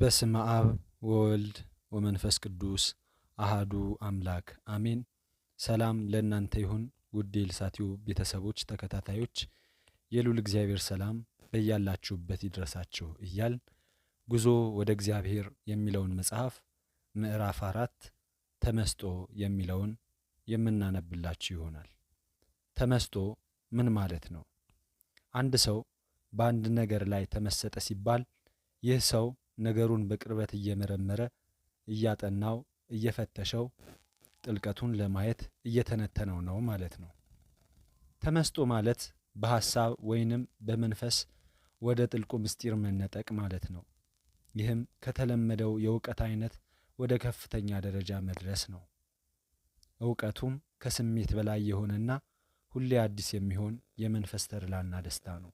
በስመ አብ ወወልድ ወመንፈስ ቅዱስ አሃዱ አምላክ አሜን። ሰላም ለእናንተ ይሁን ውድ የልሳቲው ቤተሰቦች ተከታታዮች፣ የሉል እግዚአብሔር ሰላም በያላችሁበት ይድረሳችሁ እያል ጉዞ ወደ እግዚአብሔር የሚለውን መጽሐፍ ምዕራፍ አራት ተመስጦ የሚለውን የምናነብላችሁ ይሆናል። ተመስጦ ምን ማለት ነው? አንድ ሰው በአንድ ነገር ላይ ተመሰጠ ሲባል ይህ ሰው ነገሩን በቅርበት እየመረመረ እያጠናው እየፈተሸው ጥልቀቱን ለማየት እየተነተነው ነው ማለት ነው። ተመስጦ ማለት በሐሳብ ወይንም በመንፈስ ወደ ጥልቁ ምስጢር መነጠቅ ማለት ነው። ይህም ከተለመደው የእውቀት አይነት ወደ ከፍተኛ ደረጃ መድረስ ነው። እውቀቱም ከስሜት በላይ የሆነና ሁሌ አዲስ የሚሆን የመንፈስ ተድላና ደስታ ነው።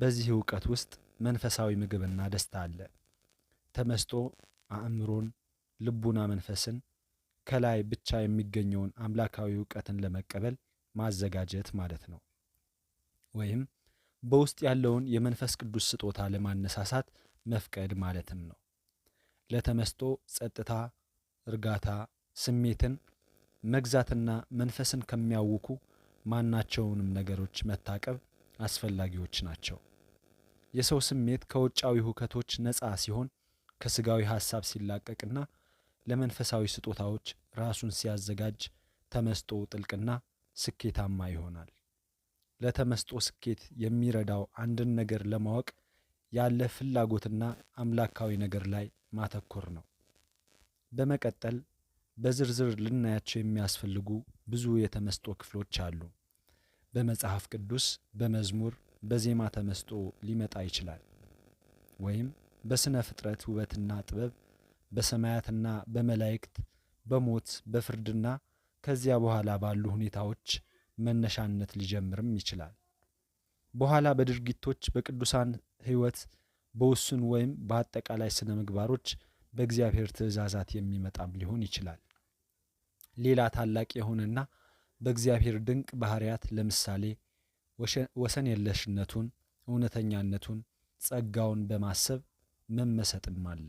በዚህ እውቀት ውስጥ መንፈሳዊ ምግብና ደስታ አለ። ተመስጦ አእምሮን፣ ልቡና መንፈስን ከላይ ብቻ የሚገኘውን አምላካዊ እውቀትን ለመቀበል ማዘጋጀት ማለት ነው። ወይም በውስጥ ያለውን የመንፈስ ቅዱስ ስጦታ ለማነሳሳት መፍቀድ ማለትም ነው። ለተመስጦ ጸጥታ፣ እርጋታ፣ ስሜትን መግዛትና መንፈስን ከሚያውኩ ማናቸውንም ነገሮች መታቀብ አስፈላጊዎች ናቸው። የሰው ስሜት ከውጫዊ ሁከቶች ነፃ ሲሆን ከስጋዊ ሐሳብ ሲላቀቅና ለመንፈሳዊ ስጦታዎች ራሱን ሲያዘጋጅ ተመስጦ ጥልቅና ስኬታማ ይሆናል። ለተመስጦ ስኬት የሚረዳው አንድን ነገር ለማወቅ ያለ ፍላጎትና አምላካዊ ነገር ላይ ማተኮር ነው። በመቀጠል በዝርዝር ልናያቸው የሚያስፈልጉ ብዙ የተመስጦ ክፍሎች አሉ። በመጽሐፍ ቅዱስ፣ በመዝሙር፣ በዜማ ተመስጦ ሊመጣ ይችላል ወይም በሥነ ፍጥረት ውበትና ጥበብ በሰማያትና በመላእክት በሞት በፍርድና ከዚያ በኋላ ባሉ ሁኔታዎች መነሻነት ሊጀምርም ይችላል። በኋላ በድርጊቶች በቅዱሳን ሕይወት በውሱን ወይም በአጠቃላይ ስነ ምግባሮች በእግዚአብሔር ትእዛዛት የሚመጣም ሊሆን ይችላል። ሌላ ታላቅ የሆነና በእግዚአብሔር ድንቅ ባህርያት ለምሳሌ ወሰን የለሽነቱን፣ እውነተኛነቱን፣ ጸጋውን በማሰብ መመሰጥም አለ።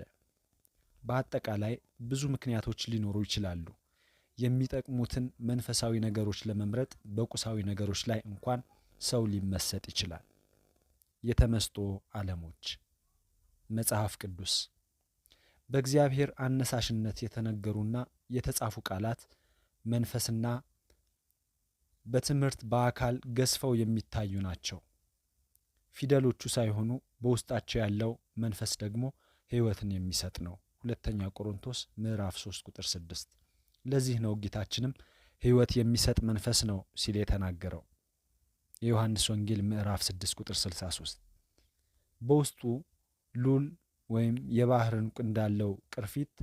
በአጠቃላይ ብዙ ምክንያቶች ሊኖሩ ይችላሉ። የሚጠቅሙትን መንፈሳዊ ነገሮች ለመምረጥ በቁሳዊ ነገሮች ላይ እንኳን ሰው ሊመሰጥ ይችላል። የተመስጦ ዓለሞች መጽሐፍ ቅዱስ በእግዚአብሔር አነሳሽነት የተነገሩና የተጻፉ ቃላት መንፈስና በትምህርት በአካል ገዝፈው የሚታዩ ናቸው። ፊደሎቹ ሳይሆኑ በውስጣቸው ያለው መንፈስ ደግሞ ሕይወትን የሚሰጥ ነው። ሁለተኛ ቆሮንቶስ ምዕራፍ 3 ቁጥር 6። ለዚህ ነው ጌታችንም ሕይወት የሚሰጥ መንፈስ ነው ሲል የተናገረው። የዮሐንስ ወንጌል ምዕራፍ 6 ቁጥር 63። በውስጡ ሉል ወይም የባህር ዕንቁ እንዳለው ቅርፊት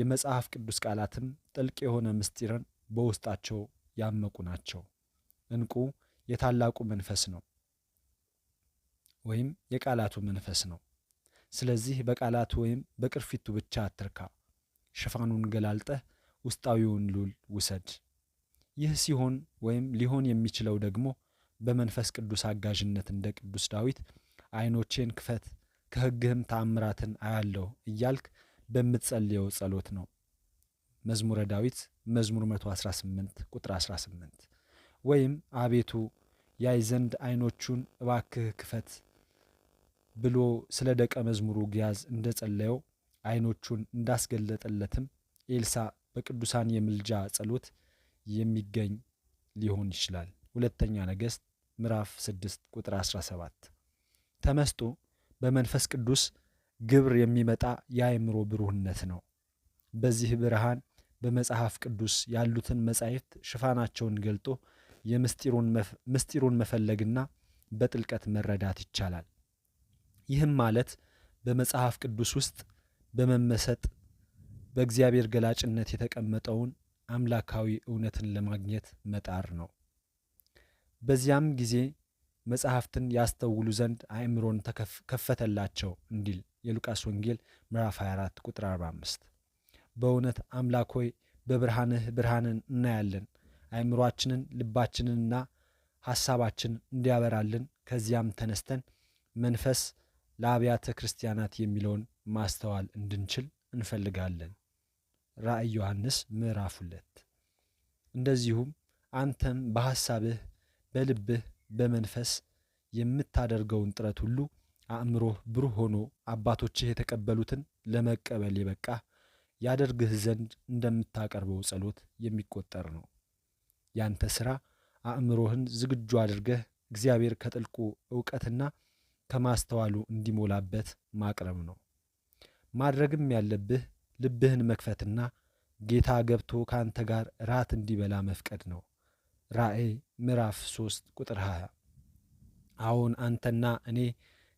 የመጽሐፍ ቅዱስ ቃላትም ጥልቅ የሆነ ምስጢርን በውስጣቸው ያመቁ ናቸው። እንቁ የታላቁ መንፈስ ነው ወይም የቃላቱ መንፈስ ነው። ስለዚህ በቃላቱ ወይም በቅርፊቱ ብቻ አትርካ። ሽፋኑን ገላልጠህ ውስጣዊውን ሉል ውሰድ። ይህ ሲሆን ወይም ሊሆን የሚችለው ደግሞ በመንፈስ ቅዱስ አጋዥነት እንደ ቅዱስ ዳዊት ዓይኖቼን ክፈት ከሕግህም ተአምራትን አያለሁ እያልክ በምትጸልየው ጸሎት ነው። መዝሙረ ዳዊት መዝሙር 118 ቁጥር 18 ወይም አቤቱ ያይ ዘንድ ዓይኖቹን እባክህ ክፈት ብሎ ስለ ደቀ መዝሙሩ ግያዝ እንደ ጸለየው ዓይኖቹን እንዳስገለጠለትም ኤልሳ በቅዱሳን የምልጃ ጸሎት የሚገኝ ሊሆን ይችላል። ሁለተኛ ነገሥት ምዕራፍ 6 ቁጥር 17 ተመስጦ በመንፈስ ቅዱስ ግብር የሚመጣ የአእምሮ ብሩህነት ነው። በዚህ ብርሃን በመጽሐፍ ቅዱስ ያሉትን መጻሕፍት ሽፋናቸውን ገልጦ የምስጢሩን መፈለግና በጥልቀት መረዳት ይቻላል። ይህም ማለት በመጽሐፍ ቅዱስ ውስጥ በመመሰጥ በእግዚአብሔር ገላጭነት የተቀመጠውን አምላካዊ እውነትን ለማግኘት መጣር ነው። በዚያም ጊዜ መጽሐፍትን ያስተውሉ ዘንድ አእምሮን ከፈተላቸው እንዲል የሉቃስ ወንጌል ምዕራፍ 24 ቁጥር 45። በእውነት አምላክ ሆይ በብርሃንህ ብርሃንን እናያለን አይምሯችንን ልባችንንና ሐሳባችን እንዲያበራልን ከዚያም ተነስተን መንፈስ ለአብያተ ክርስቲያናት የሚለውን ማስተዋል እንድንችል እንፈልጋለን። ራእይ ዮሐንስ ምዕራፍ ሁለት እንደዚሁም አንተም በሐሳብህ በልብህ በመንፈስ የምታደርገውን ጥረት ሁሉ አእምሮህ ብሩህ ሆኖ አባቶችህ የተቀበሉትን ለመቀበል የበቃህ ያደርግህ ዘንድ እንደምታቀርበው ጸሎት የሚቆጠር ነው። ያንተ ስራ አእምሮህን ዝግጁ አድርገህ እግዚአብሔር ከጥልቁ እውቀትና ከማስተዋሉ እንዲሞላበት ማቅረብ ነው። ማድረግም ያለብህ ልብህን መክፈትና ጌታ ገብቶ ከአንተ ጋር ራት እንዲበላ መፍቀድ ነው። ራእይ ምዕራፍ 3 ቁጥር 20። አሁን አንተና እኔ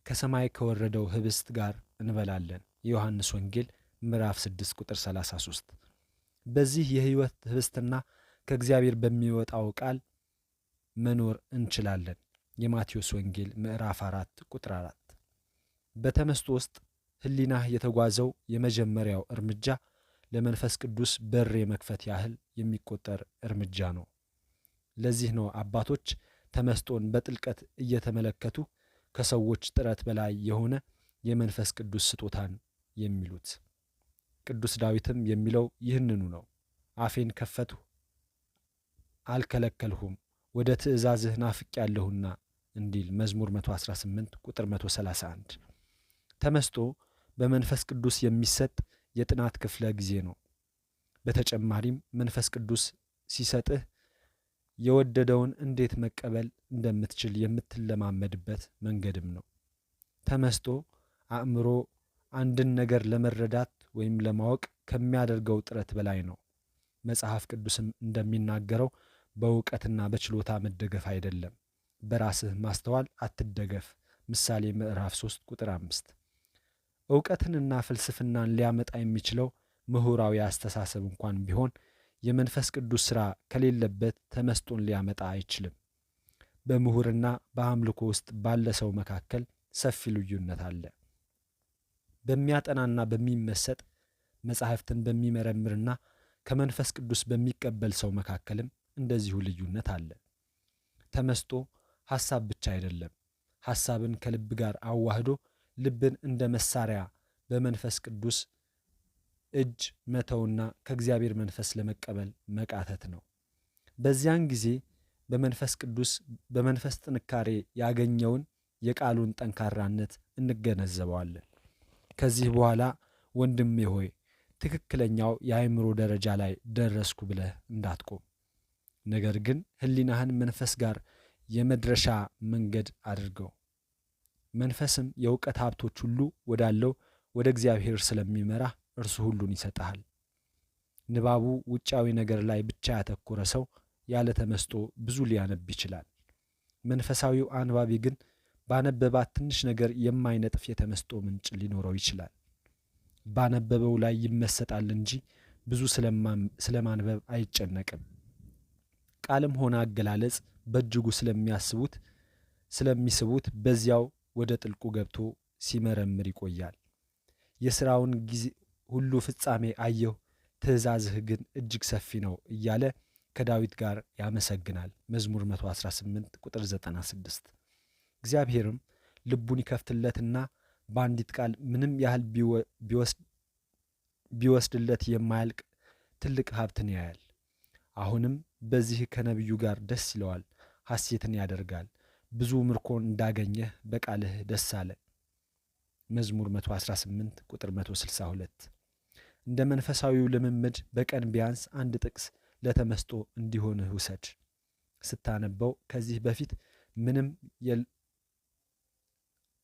ከሰማይ ከወረደው ህብስት ጋር እንበላለን። የዮሐንስ ወንጌል ምዕራፍ 6 ቁጥር 33። በዚህ የህይወት ህብስትና ከእግዚአብሔር በሚወጣው ቃል መኖር እንችላለን። የማቴዎስ ወንጌል ምዕራፍ 4 ቁጥር 4። በተመስጦ ውስጥ ህሊናህ የተጓዘው የመጀመሪያው እርምጃ ለመንፈስ ቅዱስ በር የመክፈት ያህል የሚቆጠር እርምጃ ነው። ለዚህ ነው አባቶች ተመስጦን በጥልቀት እየተመለከቱ ከሰዎች ጥረት በላይ የሆነ የመንፈስ ቅዱስ ስጦታን የሚሉት። ቅዱስ ዳዊትም የሚለው ይህንኑ ነው። አፌን ከፈትሁ አልከለከልሁም ወደ ትእዛዝህ ናፍቅ ያለሁና እንዲል መዝሙር 118 ቁጥር 131። ተመስጦ በመንፈስ ቅዱስ የሚሰጥ የጥናት ክፍለ ጊዜ ነው። በተጨማሪም መንፈስ ቅዱስ ሲሰጥህ የወደደውን እንዴት መቀበል እንደምትችል የምትለማመድበት መንገድም ነው። ተመስጦ አእምሮ አንድን ነገር ለመረዳት ወይም ለማወቅ ከሚያደርገው ጥረት በላይ ነው። መጽሐፍ ቅዱስም እንደሚናገረው በእውቀትና በችሎታ መደገፍ አይደለም። በራስህ ማስተዋል አትደገፍ። ምሳሌ ምዕራፍ 3 ቁጥር 5። እውቀትንና ፍልስፍናን ሊያመጣ የሚችለው ምሁራዊ አስተሳሰብ እንኳን ቢሆን የመንፈስ ቅዱስ ሥራ ከሌለበት ተመስጦን ሊያመጣ አይችልም። በምሁርና በአምልኮ ውስጥ ባለ ሰው መካከል ሰፊ ልዩነት አለ። በሚያጠናና በሚመሰጥ መጻሕፍትን በሚመረምርና ከመንፈስ ቅዱስ በሚቀበል ሰው መካከልም እንደዚሁ ልዩነት አለ። ተመስጦ ሐሳብ ብቻ አይደለም። ሐሳብን ከልብ ጋር አዋህዶ ልብን እንደ መሳሪያ በመንፈስ ቅዱስ እጅ መተውና ከእግዚአብሔር መንፈስ ለመቀበል መቃተት ነው። በዚያን ጊዜ በመንፈስ ቅዱስ በመንፈስ ጥንካሬ ያገኘውን የቃሉን ጠንካራነት እንገነዘበዋለን። ከዚህ በኋላ ወንድሜ ሆይ ትክክለኛው የአእምሮ ደረጃ ላይ ደረስኩ ብለህ እንዳትቆም ነገር ግን ህሊናህን መንፈስ ጋር የመድረሻ መንገድ አድርገው። መንፈስም የእውቀት ሀብቶች ሁሉ ወዳለው ወደ እግዚአብሔር ስለሚመራህ እርሱ ሁሉን ይሰጠሃል። ንባቡ ውጫዊ ነገር ላይ ብቻ ያተኮረ ሰው ያለ ተመስጦ ብዙ ሊያነብ ይችላል። መንፈሳዊው አንባቢ ግን ባነበባት ትንሽ ነገር የማይነጥፍ የተመስጦ ምንጭ ሊኖረው ይችላል። ባነበበው ላይ ይመሰጣል እንጂ ብዙ ስለማንበብ አይጨነቅም። በቃልም ሆነ አገላለጽ በእጅጉ ስለሚያስቡት ስለሚስቡት በዚያው ወደ ጥልቁ ገብቶ ሲመረምር ይቆያል። የሥራውን ጊዜ ሁሉ ፍጻሜ አየሁ፣ ትእዛዝህ ግን እጅግ ሰፊ ነው እያለ ከዳዊት ጋር ያመሰግናል። መዝሙር 118 ቁጥር 96 እግዚአብሔርም ልቡን ይከፍትለትና በአንዲት ቃል ምንም ያህል ቢወስድለት የማያልቅ ትልቅ ሀብትን ያያል። አሁንም በዚህ ከነቢዩ ጋር ደስ ይለዋል፣ ሐሴትን ያደርጋል። ብዙ ምርኮን እንዳገኘህ በቃልህ ደስ አለ። መዝሙር 118 ቁጥር 162። እንደ መንፈሳዊው ልምምድ በቀን ቢያንስ አንድ ጥቅስ ለተመስጦ እንዲሆንህ ውሰድ። ስታነበው ከዚህ በፊት ምንም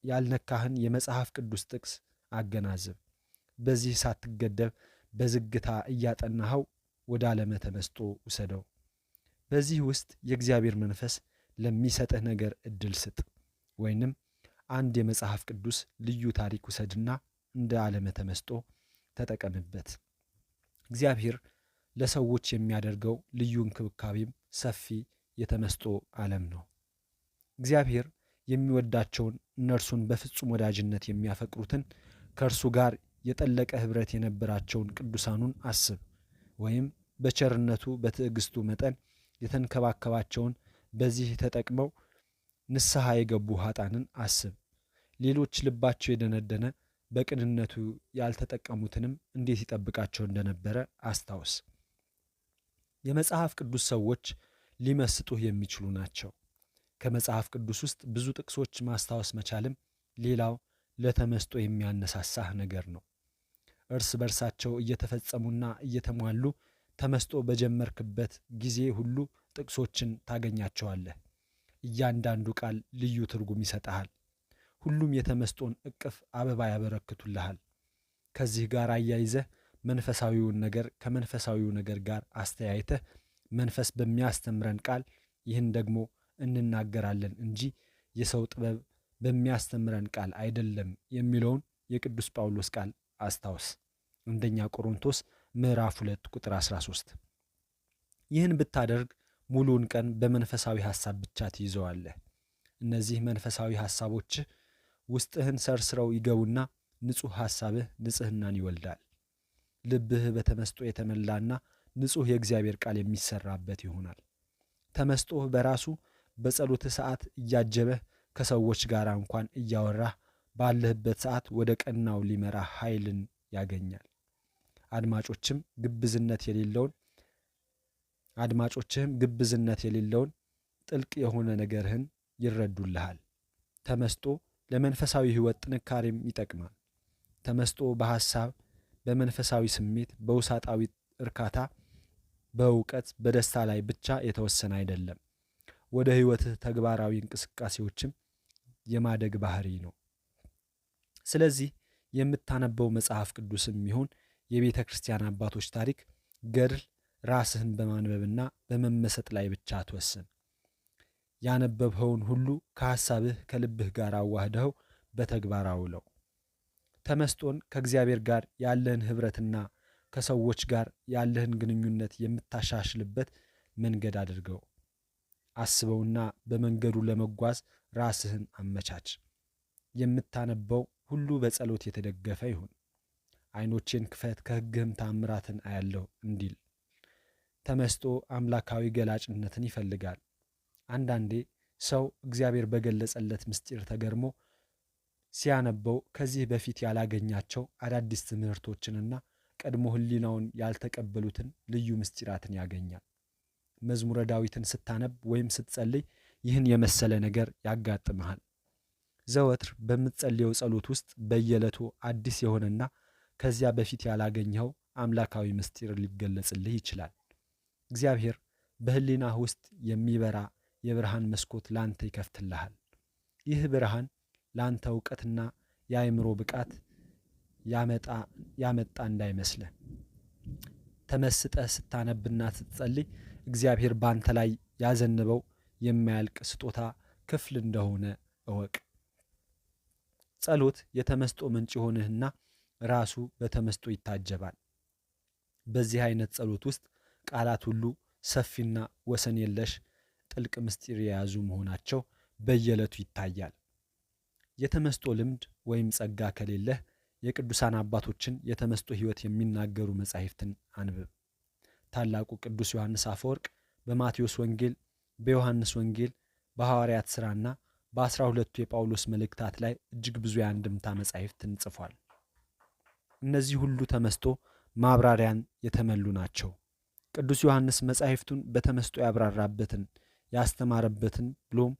ያልነካህን የመጽሐፍ ቅዱስ ጥቅስ አገናዝብ። በዚህ ሳትገደብ በዝግታ እያጠናኸው ወደ ዓለመ ተመስጦ ውሰደው። በዚህ ውስጥ የእግዚአብሔር መንፈስ ለሚሰጥህ ነገር እድል ስጥ። ወይንም አንድ የመጽሐፍ ቅዱስ ልዩ ታሪክ ውሰድና እንደ ዓለመ ተመስጦ ተጠቀምበት። እግዚአብሔር ለሰዎች የሚያደርገው ልዩ እንክብካቤም ሰፊ የተመስጦ ዓለም ነው። እግዚአብሔር የሚወዳቸውን እነርሱን በፍጹም ወዳጅነት የሚያፈቅሩትን ከእርሱ ጋር የጠለቀ ኅብረት የነበራቸውን ቅዱሳኑን አስብ ወይም በቸርነቱ በትዕግስቱ መጠን የተንከባከባቸውን በዚህ ተጠቅመው ንስሐ የገቡ ሀጣንን አስብ። ሌሎች ልባቸው የደነደነ በቅንነቱ ያልተጠቀሙትንም እንዴት ይጠብቃቸው እንደነበረ አስታውስ። የመጽሐፍ ቅዱስ ሰዎች ሊመስጡህ የሚችሉ ናቸው። ከመጽሐፍ ቅዱስ ውስጥ ብዙ ጥቅሶች ማስታወስ መቻልም ሌላው ለተመስጦ የሚያነሳሳህ ነገር ነው። እርስ በርሳቸው እየተፈጸሙና እየተሟሉ ተመስጦ በጀመርክበት ጊዜ ሁሉ ጥቅሶችን ታገኛቸዋለህ። እያንዳንዱ ቃል ልዩ ትርጉም ይሰጠሃል። ሁሉም የተመስጦን እቅፍ አበባ ያበረክቱልሃል። ከዚህ ጋር አያይዘህ መንፈሳዊውን ነገር ከመንፈሳዊው ነገር ጋር አስተያይተህ መንፈስ በሚያስተምረን ቃል ይህን ደግሞ እንናገራለን እንጂ የሰው ጥበብ በሚያስተምረን ቃል አይደለም የሚለውን የቅዱስ ጳውሎስ ቃል አስታውስ። አንደኛ ቆሮንቶስ ምዕራፍ 2 ቁጥር 13። ይህን ብታደርግ ሙሉውን ቀን በመንፈሳዊ ሐሳብ ብቻ ትይዘዋለህ። እነዚህ መንፈሳዊ ሐሳቦችህ ውስጥህን ሰርስረው ይገቡና ንጹሕ ሐሳብህ ንጽህናን ይወልዳል። ልብህ በተመስጦ የተመላና ንጹሕ የእግዚአብሔር ቃል የሚሰራበት ይሆናል። ተመስጦህ በራሱ በጸሎትህ ሰዓት እያጀበህ ከሰዎች ጋር እንኳን እያወራህ ባለህበት ሰዓት ወደ ቀናው ሊመራ ኃይልን ያገኛል። አድማጮችም ግብዝነት የሌለውን አድማጮችህም ግብዝነት የሌለውን ጥልቅ የሆነ ነገርህን ይረዱልሃል። ተመስጦ ለመንፈሳዊ ሕይወት ጥንካሬም ይጠቅማል። ተመስጦ በሐሳብ በመንፈሳዊ ስሜት፣ በውሳጣዊ እርካታ፣ በእውቀት፣ በደስታ ላይ ብቻ የተወሰነ አይደለም። ወደ ሕይወትህ ተግባራዊ እንቅስቃሴዎችም የማደግ ባህሪ ነው። ስለዚህ የምታነበው መጽሐፍ ቅዱስም ይሁን የቤተ ክርስቲያን አባቶች ታሪክ ገድል ራስህን በማንበብና በመመሰጥ ላይ ብቻ አትወስን። ያነበብኸውን ሁሉ ከሐሳብህ ከልብህ ጋር አዋህደኸው በተግባር አውለው። ተመስጦን ከእግዚአብሔር ጋር ያለህን ኅብረትና ከሰዎች ጋር ያለህን ግንኙነት የምታሻሽልበት መንገድ አድርገው። አስበውና በመንገዱ ለመጓዝ ራስህን አመቻች። የምታነበው ሁሉ በጸሎት የተደገፈ ይሁን። ዓይኖቼን ክፈት ከሕግህም ታምራትን አያለሁ እንዲል ተመስጦ አምላካዊ ገላጭነትን ይፈልጋል። አንዳንዴ ሰው እግዚአብሔር በገለጸለት ምስጢር ተገርሞ ሲያነበው ከዚህ በፊት ያላገኛቸው አዳዲስ ትምህርቶችንና ቀድሞ ሕሊናውን ያልተቀበሉትን ልዩ ምስጢራትን ያገኛል። መዝሙረ ዳዊትን ስታነብ ወይም ስትጸልይ ይህን የመሰለ ነገር ያጋጥመሃል። ዘወትር በምትጸልየው ጸሎት ውስጥ በየዕለቱ አዲስ የሆነና ከዚያ በፊት ያላገኘኸው አምላካዊ ምስጢር ሊገለጽልህ ይችላል። እግዚአብሔር በህሊና ውስጥ የሚበራ የብርሃን መስኮት ላንተ ይከፍትልሃል። ይህ ብርሃን ላንተ እውቀትና የአእምሮ ብቃት ያመጣ እንዳይመስለ ተመስጠህ ስታነብና ስትጸልይ እግዚአብሔር ባንተ ላይ ያዘንበው የማያልቅ ስጦታ ክፍል እንደሆነ እወቅ። ጸሎት የተመስጦ ምንጭ ይሆንህና ራሱ በተመስጦ ይታጀባል። በዚህ አይነት ጸሎት ውስጥ ቃላት ሁሉ ሰፊና ወሰን የለሽ ጥልቅ ምስጢር የያዙ መሆናቸው በየዕለቱ ይታያል። የተመስጦ ልምድ ወይም ጸጋ ከሌለህ የቅዱሳን አባቶችን የተመስጦ ሕይወት የሚናገሩ መጻሕፍትን አንብብ። ታላቁ ቅዱስ ዮሐንስ አፈወርቅ በማቴዎስ ወንጌል፣ በዮሐንስ ወንጌል፣ በሐዋርያት ሥራና በአስራ ሁለቱ የጳውሎስ መልእክታት ላይ እጅግ ብዙ የአንድምታ መጻሕፍትን ጽፏል። እነዚህ ሁሉ ተመስጦ ማብራሪያን የተመሉ ናቸው። ቅዱስ ዮሐንስ መጻሕፍቱን በተመስጦ ያብራራበትን ያስተማረበትን ብሎም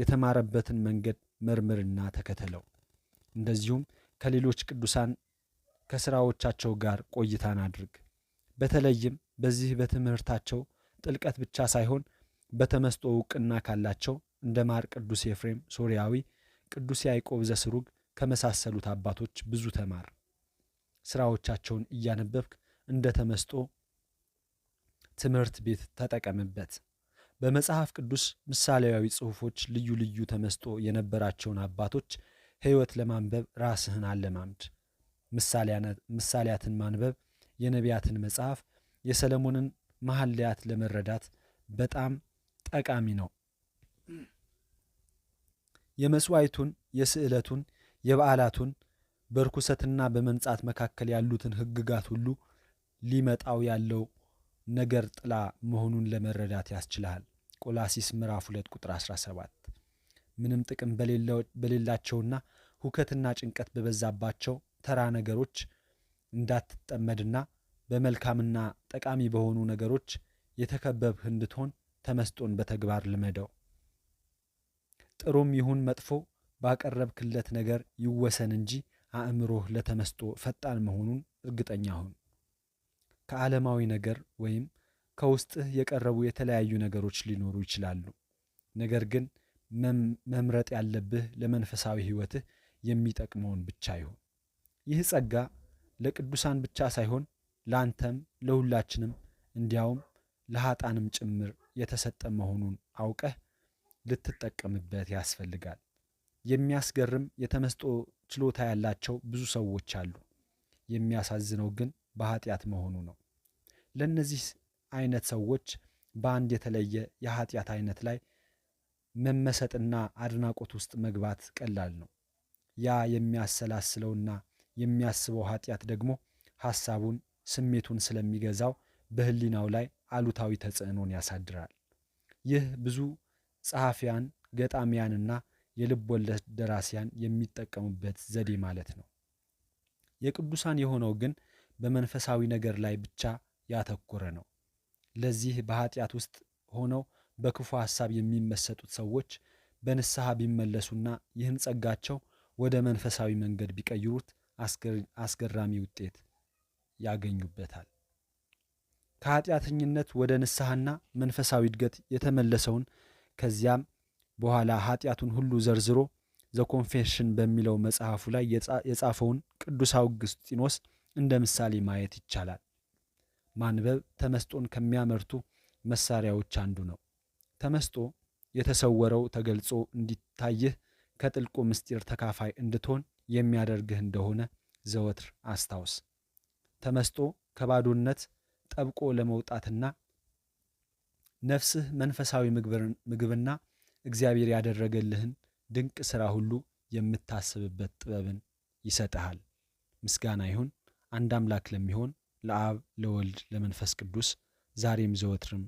የተማረበትን መንገድ መርምርና ተከተለው። እንደዚሁም ከሌሎች ቅዱሳን ከስራዎቻቸው ጋር ቆይታን አድርግ። በተለይም በዚህ በትምህርታቸው ጥልቀት ብቻ ሳይሆን በተመስጦ ውቅና ካላቸው እንደ ማር ቅዱስ ኤፍሬም ሶርያዊ፣ ቅዱስ ያዕቆብ ዘስሩግ ከመሳሰሉት አባቶች ብዙ ተማር። ስራዎቻቸውን እያነበብክ እንደ ተመስጦ ትምህርት ቤት ተጠቀምበት። በመጽሐፍ ቅዱስ ምሳሌያዊ ጽሑፎች ልዩ ልዩ ተመስጦ የነበራቸውን አባቶች ሕይወት ለማንበብ ራስህን አለማምድ። ምሳሌያትን ማንበብ፣ የነቢያትን መጽሐፍ፣ የሰለሞንን መሐልያት ለመረዳት በጣም ጠቃሚ ነው። የመስዋይቱን፣ የስዕለቱን፣ የበዓላቱን በርኩሰትና በመንጻት መካከል ያሉትን ህግጋት ሁሉ ሊመጣው ያለው ነገር ጥላ መሆኑን ለመረዳት ያስችልሃል። ቆላሲስ ምዕራፍ 2 ቁጥር 17 ምንም ጥቅም በሌላቸውና ሁከትና ጭንቀት በበዛባቸው ተራ ነገሮች እንዳትጠመድና በመልካምና ጠቃሚ በሆኑ ነገሮች የተከበብህ እንድትሆን ተመስጦን በተግባር ልመደው። ጥሩም ይሁን መጥፎ ባቀረብክለት ነገር ይወሰን እንጂ አእምሮህ ለተመስጦ ፈጣን መሆኑን እርግጠኛ ሁን። ከዓለማዊ ነገር ወይም ከውስጥህ የቀረቡ የተለያዩ ነገሮች ሊኖሩ ይችላሉ። ነገር ግን መምረጥ ያለብህ ለመንፈሳዊ ሕይወትህ የሚጠቅመውን ብቻ ይሁን። ይህ ጸጋ ለቅዱሳን ብቻ ሳይሆን ለአንተም ለሁላችንም እንዲያውም ለሀጣንም ጭምር የተሰጠ መሆኑን አውቀህ ልትጠቀምበት ያስፈልጋል። የሚያስገርም የተመስጦ ችሎታ ያላቸው ብዙ ሰዎች አሉ። የሚያሳዝነው ግን በኃጢአት መሆኑ ነው። ለእነዚህ አይነት ሰዎች በአንድ የተለየ የኃጢአት አይነት ላይ መመሰጥና አድናቆት ውስጥ መግባት ቀላል ነው። ያ የሚያሰላስለውና የሚያስበው ኃጢአት ደግሞ ሐሳቡን፣ ስሜቱን ስለሚገዛው በህሊናው ላይ አሉታዊ ተጽዕኖን ያሳድራል። ይህ ብዙ ጸሐፊያን፣ ገጣሚያንና የልብ ወለድ ደራሲያን የሚጠቀሙበት ዘዴ ማለት ነው። የቅዱሳን የሆነው ግን በመንፈሳዊ ነገር ላይ ብቻ ያተኮረ ነው። ለዚህ በኃጢአት ውስጥ ሆነው በክፉ ሐሳብ የሚመሰጡት ሰዎች በንስሐ ቢመለሱና ይህን ጸጋቸው ወደ መንፈሳዊ መንገድ ቢቀይሩት አስገራሚ ውጤት ያገኙበታል። ከኃጢአተኝነት ወደ ንስሐና መንፈሳዊ እድገት የተመለሰውን ከዚያም በኋላ ኃጢአቱን ሁሉ ዘርዝሮ ዘ ኮንፌሽን በሚለው መጽሐፉ ላይ የጻፈውን ቅዱስ አውግስጢኖስ እንደ ምሳሌ ማየት ይቻላል። ማንበብ ተመስጦን ከሚያመርቱ መሳሪያዎች አንዱ ነው። ተመስጦ የተሰወረው ተገልጾ እንዲታይህ ከጥልቁ ምስጢር ተካፋይ እንድትሆን የሚያደርግህ እንደሆነ ዘወትር አስታውስ። ተመስጦ ከባዶነት ጠብቆ ለመውጣትና ነፍስህ መንፈሳዊ ምግብና እግዚአብሔር ያደረገልህን ድንቅ ሥራ ሁሉ የምታስብበት ጥበብን ይሰጥሃል። ምስጋና ይሁን አንድ አምላክ ለሚሆን ለአብ ለወልድ ለመንፈስ ቅዱስ ዛሬም ዘወትርም